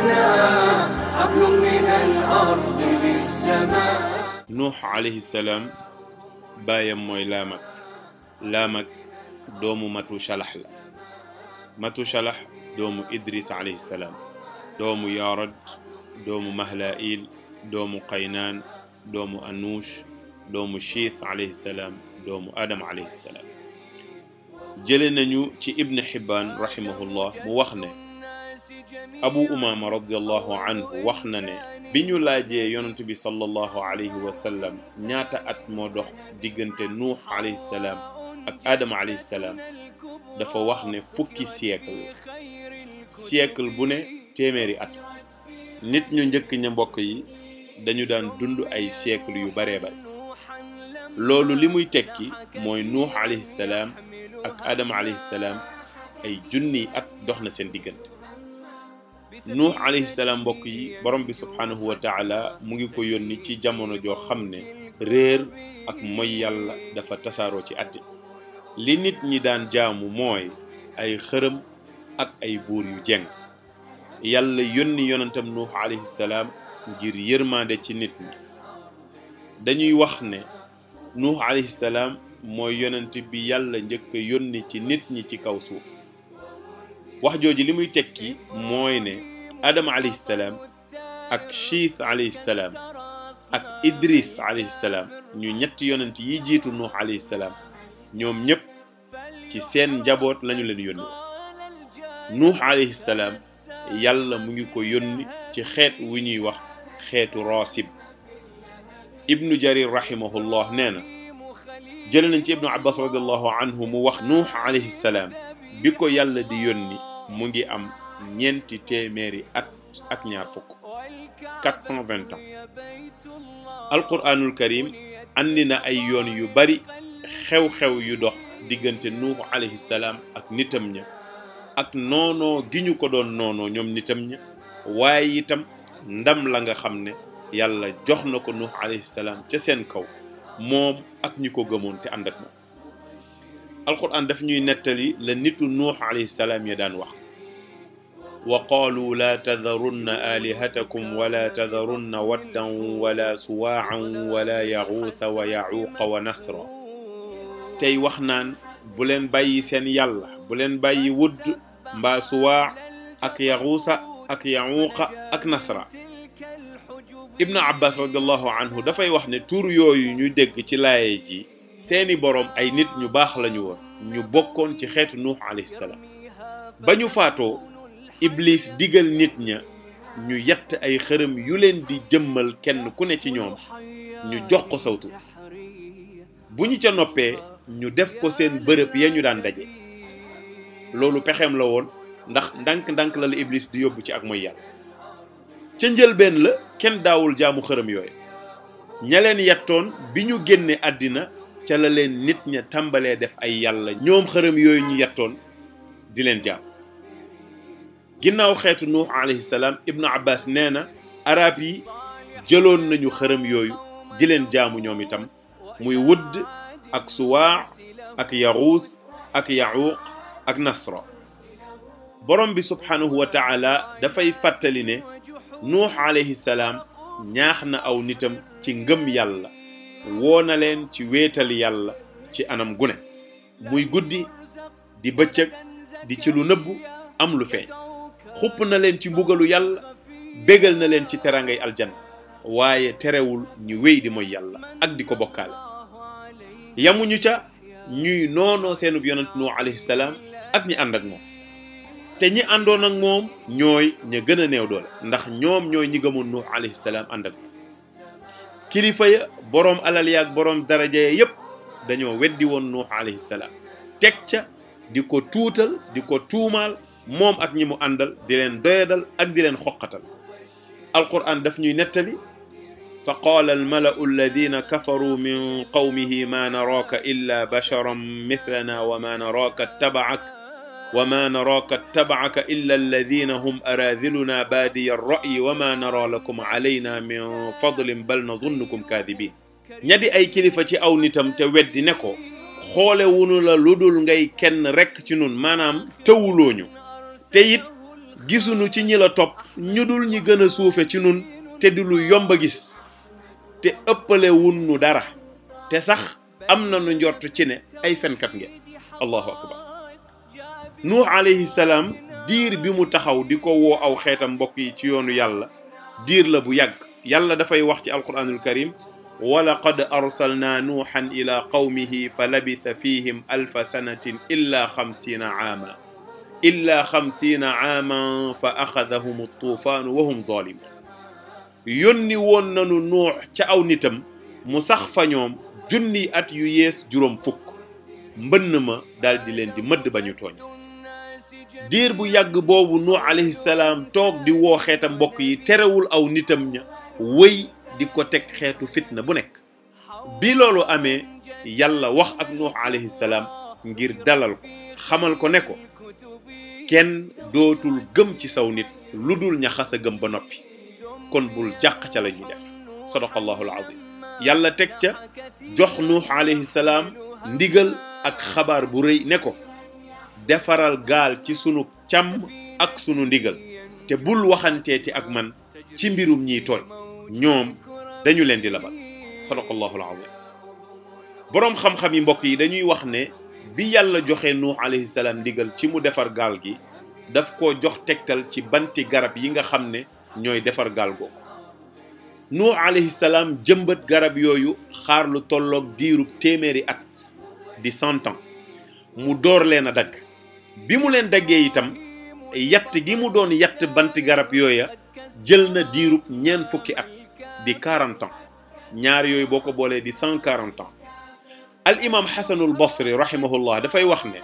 لنا حبل من الأرض للسماء nuux alayhi salaam baayam mooy laamak laamak doomu matu shalax la matu shalax doomu idris alayhi salaam doomu yaarad doomu mahlail doomu qaynaan doomu anuush doomu chiith alayhi salaam doomu adam alayhi salaam jële nañu ci ibn xibbaan rahimahullah mu wax ne abu umaama radiallahu anhu wax na ne bi ñu laajee yonant bi sallallahu alayhi wa sallam ñaata at moo dox diggante nuux alayhi ak aadama alayhi salaam dafa wax ne fukki siècle siècle bu ne téeméeri at nit ñu njëkk ña mbokk yi dañu daan dund ay siècle yu baree bare loolu li muy tekki mooy nuux alayhi ak aadama alayhi ay junniy at dox na seen diggante nuux alayhi mbokk yi borom bi subhaanahu wa mu ngi ko yónni ci jamono joo xam ne réer ak moy yàlla dafa tasaaroo ci atti li nit ñi daan jaamu mooy ay xërëm ak ay buur yu jeng yàlla yónni yonentam nuux alayhi salaam ngir yërmande ci nit ñi dañuy wax ne nuux alayhi salaam mooy yonent bi yàlla njëkk a yónni ci nit ñi ci kaw suuf wax jooju li muy tekki mooy ne adama alayhi salaam ak chiith alayhi salaam ak idris alayhi salaam ñu ñetti yonent yi jiitu nuux alayhi salaam ñoom ñëpp ci seen njaboot lañu leen yónni nuux alayhi yàlla mu ngi ko yónni ci xeet wu ñuy wax xeetu raasib ibnu jarir rahimahullah nee na jële nañ ci ibnu abbas radiallahu anhu mu wax nuux alayhi bi ko yàlla di yónni mu ngi am ñeenti téeméeri at ak ñaar fukk 420 ans alquranul karim andi na ay yoon yu bari xew-xew yu dox diggante nuuhu alayhi ak nitam ña ak noonoo gi ñu ko doon noonoo ñoom nitam ña waaye itam ndam la nga xam ne yàlla jox na ko nuuhu alayhi ca seen kaw moom ak ñi ko gëmoon te ànd ak moom alquran daf ñuy nettali la nitu nuuhu alayhi salaam ya daan wax wa qaalu laa tadarunna aalihatakum wala tadarunna waddan wala suwaacan wala yaxuuta wa yaxuuqa wa nasra tey wax naan bu leen bàyyi seen yàlla bu leen bàyyi wudd mbaa suwaac ak yaxuusa ak yaxuuqa ak nasra ibnu abbas radiallahu anhu dafay wax ne tur yooyu ñu dégg ci laaye ji seeni boroom ay nit ñu baax lañu woon ñu bokkoon ci xeetu nuux alayhi salaam ba ñu faatoo iblis digal nit ña ñu yett ay xërëm yu leen di jëmmal kenn ku ne ci ñoom ñu jox ko sawtu bu ñu ca noppee ñu def ko seen bërëb ya ñu daan daje loolu pexeem la woon ndax ndànk-ndànk la la iblis di yóbbu ci ak mooy yàlla ca njëlbéen la kenn daawul jaamu xërëm yooyu ña leen yettoon bi ñu génnee àddina ca la leen nit ña tàmbalee def ay yàlla ñoom xërëm yooyu ñu yettoon di leen jaam ginnaaw xeetu nuux alayhi salaam ibnu abbas nee na araab yi jëloon nañu xërëm yooyu di leen jaamu ñoom itam muy wudd ak suwaax ak yaxuuth ak yaxuuq ak nasra boroom bi subhanahu wa taala dafay fàttali ne nuux alayhi salaam ñaax na aw nitam ci ngëm yàlla woo leen ci wetal yàlla ci anam gune muy guddi di bëccëg di ci lu nëbb am lu feeñ xupp na leen ci mbugalu yàlla bégal na leen ci terangay aljan waaye terewul ñu wéy di mooy yàlla ak di ko bokkaale yamuñu ca ñuy noonoo seenub yonent Nuux alayhi ak ñi ànd ak moom te ñi àndoon ak moom ñooy ña gën a néew doole ndax ñoom ñooy ñi gëmoon Nuux alayhi salaam ànd ak moom kilifa ya boroom alal ya ak boroom daraja ya yëpp dañoo weddi woon Nuux alayhi teg ca di ko tuutal di ko tuumaal moom ak ñi mu àndal di leen doyadal ak di leen xoqatal daf ñuy nettali fa qaala almalau alladina kafaru min qawmihi ma naraaka illa basharan mithlana wa ma naraaka ittabaak wa ma naraaka ittabaaka illa alladina hum araadiluna baadiya alra'yi wa ma nara lakum alayna min fadlin bal nazunnukum kaadibin ña ay kilifa ci aw nitam te weddi ne ko xoole wunu la ludul ngay kenn rekk ci nun maanaam tëwulooñu te it gisuñu ci ñi la topp ñu dul ñi gën a suufe ci nun te di lu yomb gis te ëppale wun nu dara te sax am na nu njort ci ne ay fenkat ngeen allahu akbar nuux alayhi diir bi mu taxaw di ko woo aw xeetam mbokk yi ci yoonu yàlla diir la bu yàgg yàlla dafay wax ci alquranul karim wa laqad arsalna nuuxan ila qawmihi fa labitha fihim alfa sanatin illa xamsina aama illa xamsiina aaman fa axadahum tuufaanu wa hum zalimun yónni woon nanu nuux ca aw nitam mu sax fa ñoom junni at yu yées juróom fukk mbënn ma daal leen di mëdd ba ñu tooñ diir bu yàgg boobu nuux alayhi toog di woo xeetam mbokk yi terewul aw nitam ña wëy di ko teg xeetu fitna bu nekk bi loolu amee yàlla wax ak nuux alayhi salaam ngir dalal ko xamal ko ne ko kenn dootul gëm ci saw nit lu dul ña a gëm ba noppi kon bul jàq ca la ñuy def sadaqallahu alazim yàlla teg ca jox nuux alayhi salaam ndigal ak xabaar bu rëy ne ko defaral gaal ci sunu càmm ak sunu ndigal te bul waxanteeti ak man ci mbirum ñiy tooñ ñoom dañu leen di labal sadaqallahu alazim boroom xam-xam yi mbokk yi dañuy wax ne bi yàlla joxe nuux alayhi salaam ndigal ci mu defar gaal gi daf ko jox tegtal ci banti garab yi nga xam ne ñooy defar gaal googu nuux alayhi salaam jëmbat garab yooyu xaar lu tolloog diirub téeméeri at di cent ans mu door leen a dagg bi mu leen daggee itam yatt gi mu doon yatt banti garab yooya jël na diirub ñeent fukki at di quarante ans ñaar yooyu boo ko boolee di cent quarante al imam xasanul basri rahimahullah dafay wax ne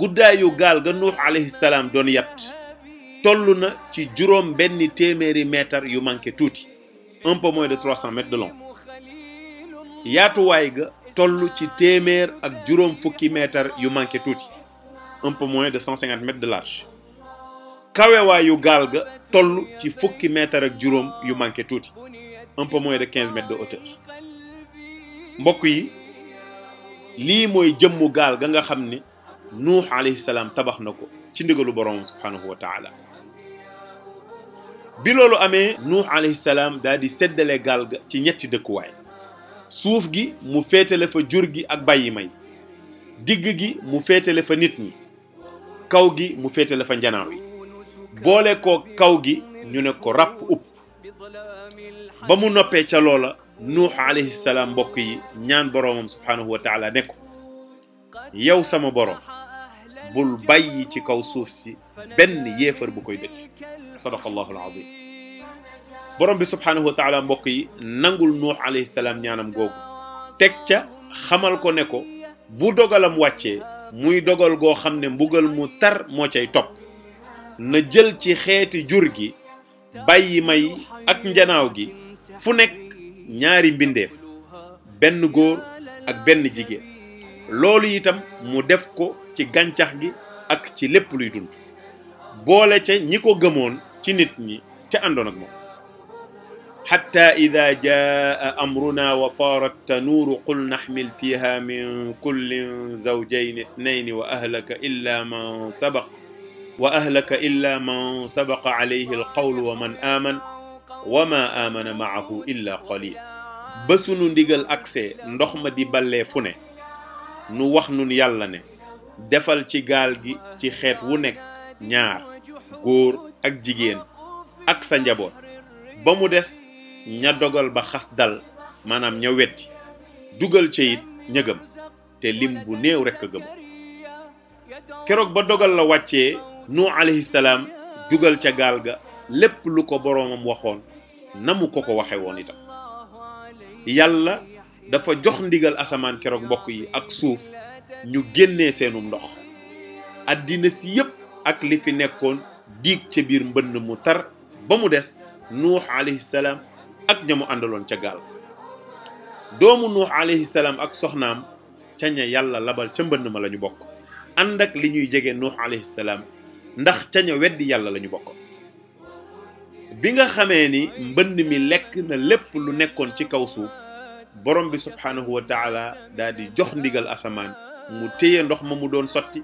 guddaayu gaal ga nuux alayhi doon yat toll na ci juróom téeméeri mètre yu manqué tuuti un peu de trois cents mètres de long yaatuwaay ga toll ci téeméer ak juróom fukki meetar yu manqué tuuti un de cent cinquante mètres de large kawewaayu gaal ga toll ci fukki meetar ak juróom yu manqué tuuti un peu moins de quinze mbokk yi lii mooy jëmmu gaal ga nga xam ni nuux alayhi salaam tabax na ko ci ndigalu borom subhanahu wa bi loolu amee nuux alayhi salaam daal di seddale gaal ga ci ñetti dëkkuwaay suuf gi mu féetale fa jur gi ak bàyyi may digg gi mu féetale fa nit ñi kaw gi mu féetale fa njanaaw yi boole ko kaw gi ñu ne ko ràpp upp ba mu noppee ca loola nuux alayhi salaam mbokk yi ñaan boroomam subhaanahu wa taala ko yow sama borom bul bàyyi ci kaw suuf si benn yéefar bu koy dëkk sadaqallahu alazim borom bi subhaanahu wa taala mbokk yi nangul nuux alayhi salaam ñaanam googu teg ca xamal ko ne ko bu dogalam wàcce muy dogal goo xam ne mbugal mu tar moo cay topp na jël ci xeeti jur gi bàyyi may ak njanaaw gi fu nekk ñaari mbindeef benn góor ak benn jigéen loolu itam mu def ko ci gàncax gi ak ci lépp luy dund boole ca ñi ko gëmoon ci nit ñi ca àndoon ak moom xatta ida jaa amruna wa faara tanuuru qul naxmil fiha min kullin zawjayn ithnayni wa ahlaka illa man sabaq wa ahlaka illa man sabaqa alayhi alqawlu wa man aman wa ma amana aku illa qalil ba sunu ndigal accès ndox ma di ballee fu ne nu wax nun yàlla ne defal ci gaal gi ci xeet wu nekk ñaar góor ak jigéen ak sa njaboot ba mu des ña dogal ba xas dal maanaam ña wetti dugal ca it ña gëm te lim bu néew rekk a gëm keroog ba dogal la wàcce nu alayhi dugal ca gaal ga lépp lu ko boroomam waxoon na mu ko ko waxe woon itam yàlla dafa jox ndigal asamaan keroog mbokk yi ak suuf ñu génnee seenum ndox addina si yépp ak li fi nekkoon diig ca biir mbënn mu tar ba mu des nuux alayhi salaam ak ña mu àndaloon ca gaal doomu nuux alayhi salaam ak soxnaam ca ña yàlla labal ca mbënn ma la ñu bokk ànd ak li ñuy jege nuux alayhi ndax ca ña weddi yàlla la ñu bokk bi nga xamee ni mbënd mi lekk na lépp lu nekkoon ci kaw suuf borom bi subhaanahu wa taala daal jox ndigal asamaan mu téye ndox ma mu doon sotti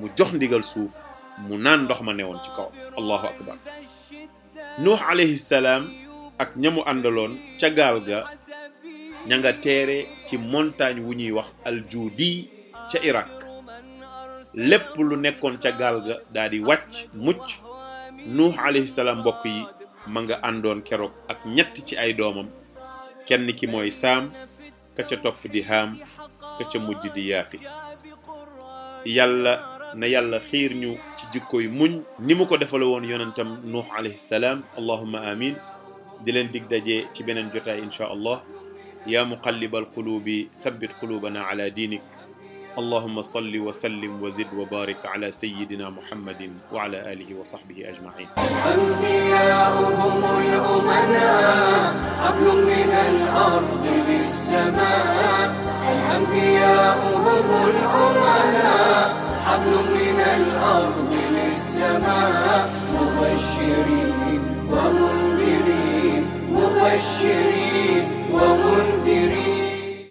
mu jox ndigal suuf mu naan ndox ma newoon ci kaw allahu akbar nuux alayhi salaam ak ñamu àndaloon ca gaal ga ña nga teere ci montagne wu ñuy wax aljuudi ca Irak lépp lu nekkoon ca gaal ga daal wàcc mucc nuux alayhi salaam mbokk yi ma nga àndoon keroog ak ñett ci ay doomam kenn ki mooy saam ka topp di haam ka mujj di yaafi yàlla na yàlla xiir ñu ci jikkoy muñ ni mu ko defale woon yonentam nuux alayhi salaam allahumma amin di leen dig daje ci beneen jotaay incha allah yaa muqallibal quluubi thabbit quluubana ala diinik allahumma salli wa sallim wa zid wa barik الأنبياء هم الأمناء حبل من الأرض للسماء مبشرين ومنذرين مبشرين